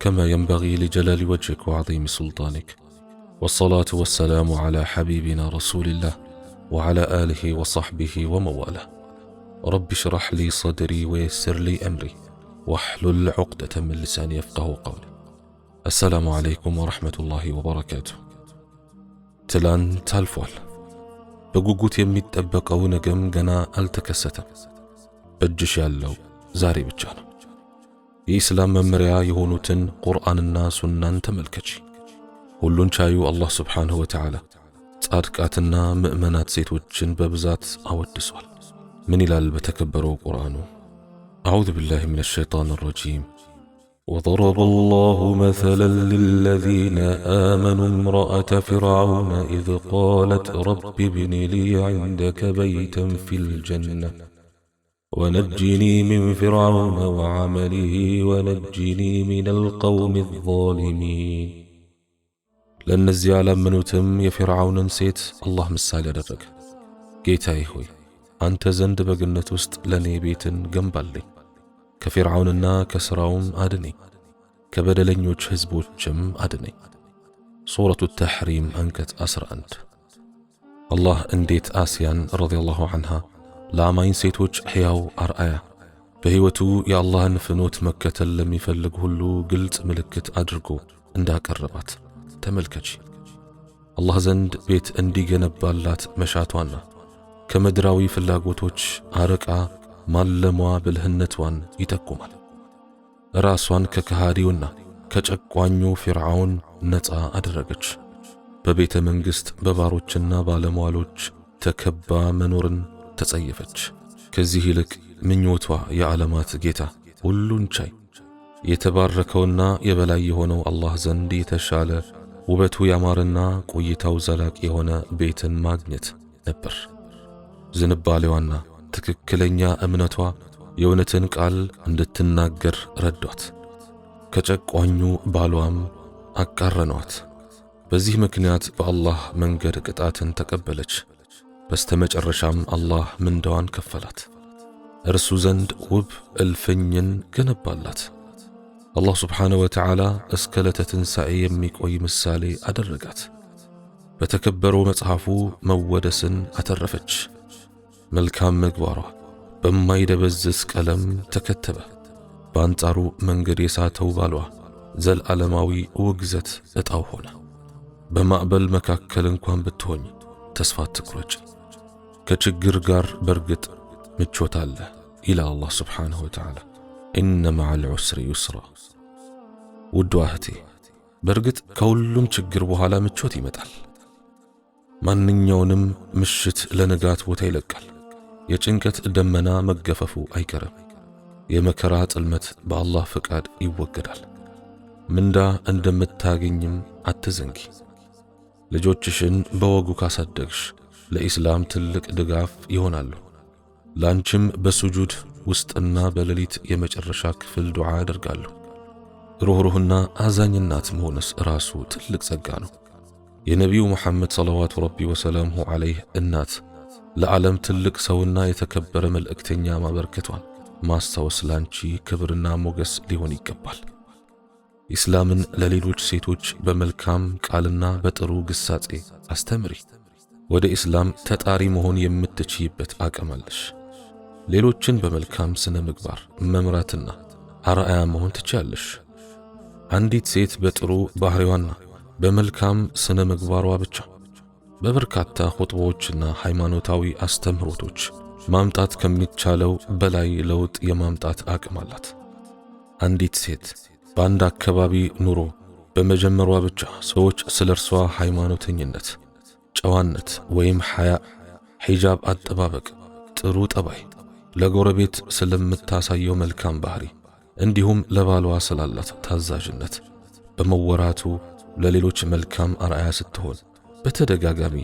كما ينبغي لجلال وجهك وعظيم سلطانك والصلاه والسلام على حبيبنا رسول الله وعلى اله وصحبه ومواله رب اشرح لي صدري ويسر لي امري واحلل عقده من لساني يفقه قولي السلام عليكم ورحمه الله وبركاته تلان تالفول በጉጉት የሚጠበቀው ነገም ገና አልተከሰተም። التكستا بجش يالو زاري ነው። የኢስላም መመሪያ የሆኑትን ቁርአንና ሱናን ተመልከች። ሁሉን ቻዩ አላህ ስብሓንሁ ወተዓላ ጻድቃትና ምእመናት ሴቶችን በብዛት አወድሷል። ምን ይላል በተከበረው ቁርአኑ? አዑዙ ቢላሂ ሚነ ሸይጣን ረጂም وضرب الله مثلا للذين آمنوا امرأة فرعون إذ قالت رب ابن لي عندك بيتا في الجنة ونجني من فرعون وعمله ونجني من القوم الظالمين لن نزي على من تم يا فرعون نسيت الله مسالي ربك جيت هوي أنت زند بقنة وسط لني بيت جنبالي كفرعون النا كسراوم أدني كبدل كبدلن يجهز بوشم أدني صورة التحريم أنكت أسر أنت الله انديت آسيان رضي الله عنها ለአማኝ ሴቶች ሕያው አርአያ በሕይወቱ የአላህን ፍኖት መከተል ለሚፈልግ ሁሉ ግልጽ ምልክት አድርጎ እንዳቀረባት ተመልከች። አላህ ዘንድ ቤት እንዲገነባላት መሻቷና ከምድራዊ ፍላጎቶች አርቃ ማለሟ ብልህነቷን ይጠቁማል። ራሷን ከከሃዲውና ከጨቋኙ ፊርዓውን ነፃ አደረገች። በቤተ መንግሥት በባሮችና ባለሟሎች ተከባ መኖርን ተጸየፈች። ከዚህ ይልቅ ምኞቷ የዓለማት ጌታ ሁሉን ቻይ የተባረከውና የበላይ የሆነው አላህ ዘንድ የተሻለ ውበቱ ያማረና ቆይታው ዘላቂ የሆነ ቤትን ማግኘት ነበር። ዝንባሌዋና ትክክለኛ እምነቷ የእውነትን ቃል እንድትናገር ረዷት። ከጨቋኙ ባሏም አቃረኗት። በዚህ ምክንያት በአላህ መንገድ ቅጣትን ተቀበለች። በስተመጨረሻም አላህ ምንዳዋን ከፈላት፣ እርሱ ዘንድ ውብ እልፍኝን ገነባላት። አላህ ስብሓነ ወተዓላ እስከ ለተ ትንሣኤ የሚቆይ ምሳሌ አደረጋት። በተከበረው መጽሐፉ መወደስን አተረፈች። መልካም ምግባሯ በማይደበዝዝ ቀለም ተከተበ። በአንጻሩ መንገድ የሳተው ባሏ ዘለዓለማዊ ውግዘት ዕጣው ሆነ። በማዕበል መካከል እንኳን ብትሆኝ ተስፋ አትቁረጭ። ከችግር ጋር በርግጥ ምቾት አለ ይላል አላህ ስብሓንሁ ወተዓላ። ኢነ መዓል ዑስሪ ዩስራ። ውድ እህቴ በርግጥ ከሁሉም ችግር በኋላ ምቾት ይመጣል። ማንኛውንም ምሽት ለንጋት ቦታ ይለቃል። የጭንቀት ደመና መገፈፉ አይቀርም። የመከራ ጥልመት በአላህ ፈቃድ ይወገዳል። ምንዳ እንደምታገኝም አትዘንጊ። ልጆችሽን በወጉ ካሳደግሽ ለኢስላም ትልቅ ድጋፍ ይሆናሉ። ላንቺም በሱጁድ ውስጥና በሌሊት የመጨረሻ ክፍል ዱዓ አደርጋለሁ። ሩኅሩህና አዛኝናት መሆነስ ራሱ ትልቅ ጸጋ ነው። የነቢዩ መሐመድ ሰለዋቱ ረቢ ወሰላሙሁ ዐለይህ እናት ለዓለም ትልቅ ሰውና የተከበረ መልእክተኛ ማበርከቷን ማስታወስ ላንቺ ክብርና ሞገስ ሊሆን ይገባል። ኢስላምን ለሌሎች ሴቶች በመልካም ቃልና በጥሩ ግሳጼ አስተምሪ። ወደ ኢስላም ተጣሪ መሆን የምትችይበት አቅም አለሽ። ሌሎችን በመልካም ስነ ምግባር መምራትና አርአያ መሆን ትችያለሽ። አንዲት ሴት በጥሩ ባህሪዋና በመልካም ስነ ምግባሯ ብቻ በበርካታ ኹጥቦችና ሃይማኖታዊ አስተምህሮቶች ማምጣት ከሚቻለው በላይ ለውጥ የማምጣት አቅም አላት። አንዲት ሴት በአንድ አካባቢ ኑሮ በመጀመሯ ብቻ ሰዎች ስለ እርሷ ሃይማኖተኝነት ጨዋነት ወይም ሐያ፣ ሒጃብ አጠባበቅ፣ ጥሩ ጠባይ፣ ለጎረቤት ስለምታሳየው መልካም ባህሪ እንዲሁም ለባሏ ስላላት ታዛዥነት በመወራቱ ለሌሎች መልካም አርአያ ስትሆን በተደጋጋሚ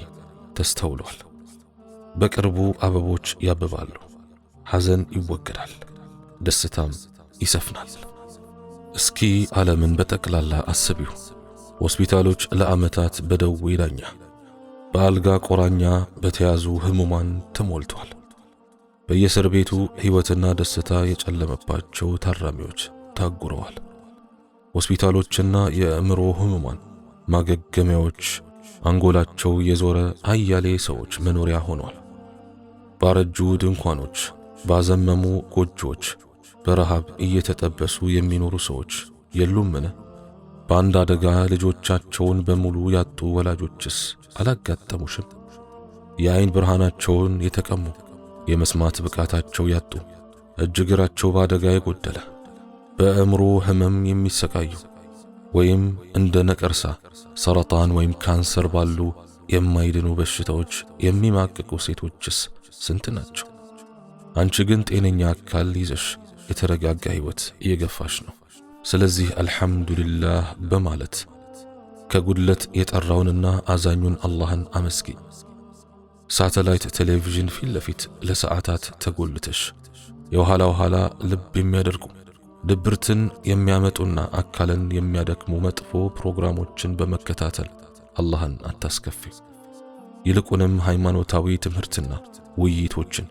ተስተውሏል። በቅርቡ አበቦች ያብባሉ፣ ሐዘን ይወገዳል፣ ደስታም ይሰፍናል። እስኪ ዓለምን በጠቅላላ አስቢው። ሆስፒታሎች ለዓመታት በደዌ ዳኛ በአልጋ ቆራኛ በተያዙ ህሙማን ተሞልቷል። በየእስር ቤቱ ሕይወትና ደስታ የጨለመባቸው ታራሚዎች ታጉረዋል። ሆስፒታሎችና የእምሮ ህሙማን ማገገሚያዎች አንጎላቸው የዞረ አያሌ ሰዎች መኖሪያ ሆኗል። ባረጁ ድንኳኖች፣ ባዘመሙ ጎጆዎች በረሃብ እየተጠበሱ የሚኖሩ ሰዎች የሉምን? በአንድ አደጋ ልጆቻቸውን በሙሉ ያጡ ወላጆችስ አላጋጠሙሽም? የአይን ብርሃናቸውን የተቀሙ የመስማት ብቃታቸው ያጡ እጅ እግራቸው በአደጋ የጎደለ በእምሮ ህመም የሚሰቃዩ ወይም እንደ ነቀርሳ፣ ሰረጣን ወይም ካንሰር ባሉ የማይድኑ በሽታዎች የሚማቅቁ ሴቶችስ ስንት ናቸው? አንቺ ግን ጤነኛ አካል ይዘሽ የተረጋጋ ህይወት እየገፋሽ ነው። ስለዚህ አልሐምዱሊላህ በማለት ከጉድለት የጠራውንና አዛኙን አላህን አመስጊ። ሳተላይት ቴሌቪዥን ፊት ለፊት ለሰዓታት ተጎልተሽ የኋላ ኋላ ልብ የሚያደርጉ ድብርትን የሚያመጡና አካልን የሚያደክሙ መጥፎ ፕሮግራሞችን በመከታተል አላህን አታስከፊ። ይልቁንም ሃይማኖታዊ ትምህርትና ውይይቶችን፣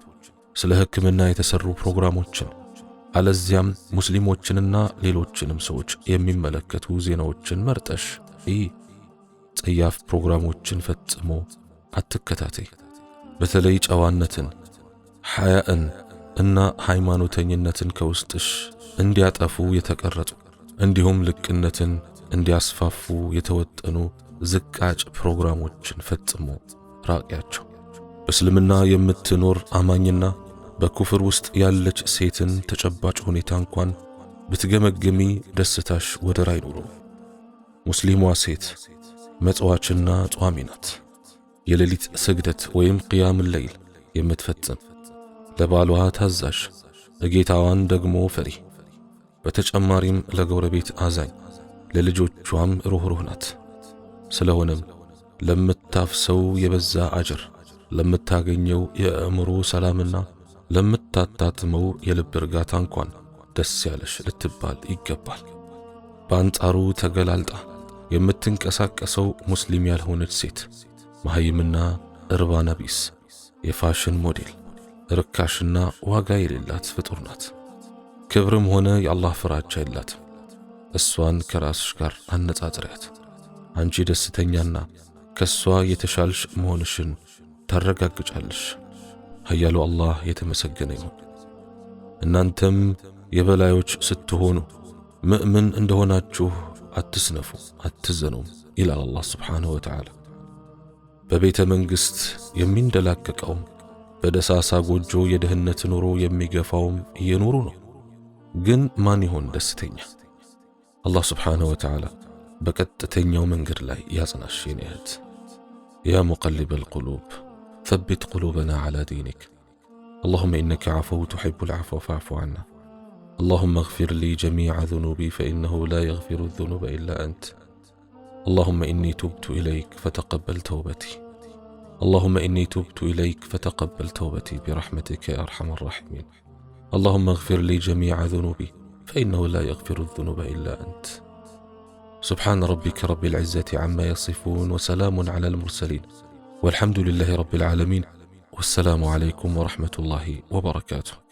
ስለ ሕክምና የተሰሩ ፕሮግራሞችን አለዚያም ሙስሊሞችንና ሌሎችንም ሰዎች የሚመለከቱ ዜናዎችን መርጠሽ ጸያፍ ፕሮግራሞችን ፈጽሞ አትከታተይ። በተለይ ጨዋነትን፣ ሐያእን እና ሃይማኖተኝነትን ከውስጥሽ እንዲያጠፉ የተቀረጹ እንዲሁም ልቅነትን እንዲያስፋፉ የተወጠኑ ዝቃጭ ፕሮግራሞችን ፈጽሞ ራቂያቸው። በእስልምና የምትኖር አማኝና በኩፍር ውስጥ ያለች ሴትን ተጨባጭ ሁኔታ እንኳን ብትገመግሚ ደስታሽ ወደር አይኖረው። ሙስሊሟ ሴት መጽዋችና ጧሚ ናት። የሌሊት ስግደት ወይም ቅያም ለይል የምትፈጽም ለባሏ ታዛዥ፣ ለጌታዋን ደግሞ ፈሪ፣ በተጨማሪም ለጎረቤት አዛኝ፣ ለልጆቿም ሩኅሩህ ናት። ስለሆነም ለምታፍሰው የበዛ አጅር፣ ለምታገኘው የአእምሮ ሰላምና ለምታታትመው የልብ እርጋታ እንኳን ደስ ያለሽ ልትባል ይገባል። በአንጻሩ ተገላልጣ የምትንቀሳቀሰው ሙስሊም ያልሆነች ሴት መሐይምና እርባ ነቢስ የፋሽን ሞዴል ርካሽና ዋጋ የሌላት ፍጡር ናት። ክብርም ሆነ የአላህ ፍራቻ የላትም። እሷን ከራስሽ ጋር አነጻጽሪያት። አንቺ ደስተኛና ከእሷ የተሻልሽ መሆንሽን ታረጋግጫለሽ። ኃያሉ አላህ የተመሰገነ ይሁን። እናንተም የበላዮች ስትሆኑ ምእምን እንደሆናችሁ اتسنفوا اتزنوا الى الله سبحانه وتعالى ببيت منغست يمين دلاككم بدساسا جوجو يدهنت نورو يميغفاوم ينورو نو جن ماني هون دستينيا الله سبحانه وتعالى بكت تنيو من لاي يا زناشينيهت يا مقلب القلوب ثبت قلوبنا على دينك اللهم انك عفو تحب العفو فاعف عنا اللهم اغفر لي جميع ذنوبي فإنه لا يغفر الذنوب إلا أنت اللهم إني تبت إليك فتقبل توبتي اللهم إني تبت إليك فتقبل توبتي برحمتك يا أرحم الراحمين اللهم اغفر لي جميع ذنوبي فإنه لا يغفر الذنوب إلا أنت سبحان ربك رب العزة عما يصفون وسلام على المرسلين والحمد لله رب العالمين والسلام عليكم ورحمة الله وبركاته